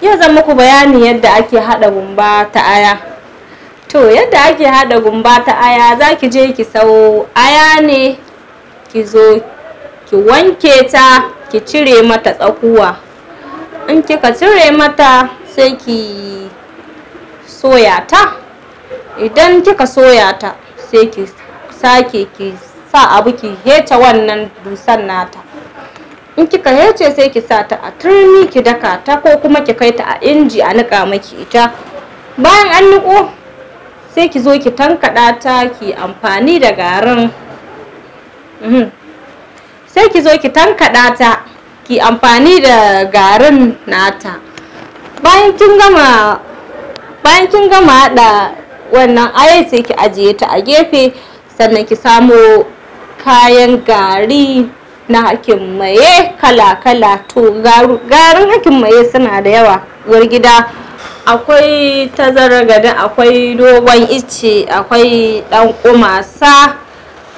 Yau zan muku bayani yadda ake haɗa gumba ta aya. To yadda ake haɗa gumba ta aya za ki je ki sau aya ne ki zo ki wanke ta ki cire mata tsakuwa. In kika cire mata sai ki soya ta. Idan kika soya ta sai ki sake ki sa abu ki heta wannan dusan nata. in kika yace sai ki sa ta a turmi ki daka ta ko kuma ki kai ta a inji a niƙa maki ita bayan an niƙo sai ki zo ki tankaɗa ta ki amfani da garin mhm. sai ki zo ki tankaɗa ta ki amfani da garin nata bayan kin gama bayan kin gama haɗa wannan ayi sai ki ajiye ta a gefe sannan ki samo kayan gari na hakin maye kala-kala to garin hakin maye suna da yawa war gida akwai tazara gada akwai dogon ice akwai dan kumasa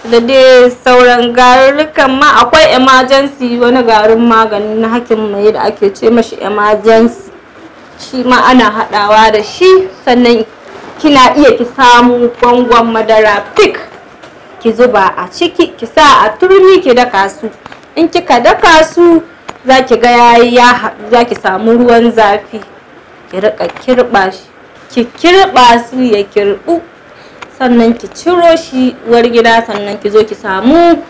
da dai sauran garurrukan ma akwai emergency wani garin magani na hakin maye da ake ce mashi emergency shi ma ana hadawa da shi sannan kina iya ki samu gwangwan madara pick ki zuba a ciki ki sa a turmi ki daka su in kika daka su za ki ga yayi ya samu ruwan zafi ki rika kirɓa shi ki kirba su ya kirbu sannan ki ciro shi war gida sannan ki zo ki samu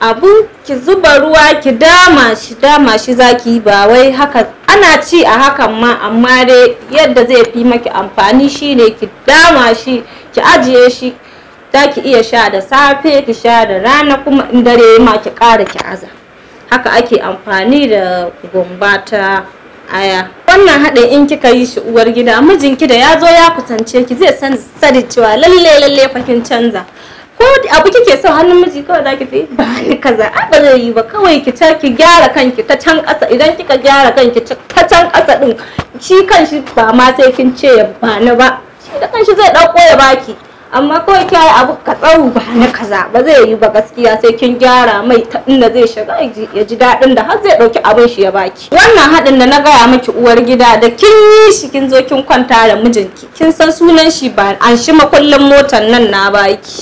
abu ki zuba ruwa ki dama shi dama shi zaki ba wai haka ana ci a hakan ma amma dai yadda zai fi maki amfani shine ki dama shi ki ajiye shi zaki iya sha da safe ki sha da rana kuma in dare ma ki ƙara ki aza haka ake amfani da gumba ta aya wannan haɗin in kika yi shi uwar gida mijinki da ya zo ya kusance ki zai san sadi cewa lalle lalle fakin canza ko abu kike so hannun miji kawai zaki fi ba ni kaza a ba zai yi ba kawai ki ta ki gyara kanki ta can ƙasa idan kika gyara kanki ta can ƙasa din shi kanshi ba ma sai kin ce ya bani ba shi da kanshi zai ɗauko ya baki amma kawai kyayi abu ka tsawo ba na kaza ba zai yi ba gaskiya sai kin gyara mai ta inda zai shiga ya ji daɗin da har zai ɗauki abin shi ya baki wannan haɗin da na gaya miki uwar gida da kin yi shi kin zo kin kwanta da mijinki kin san sunan shi ba an shi makullin motar nan na baki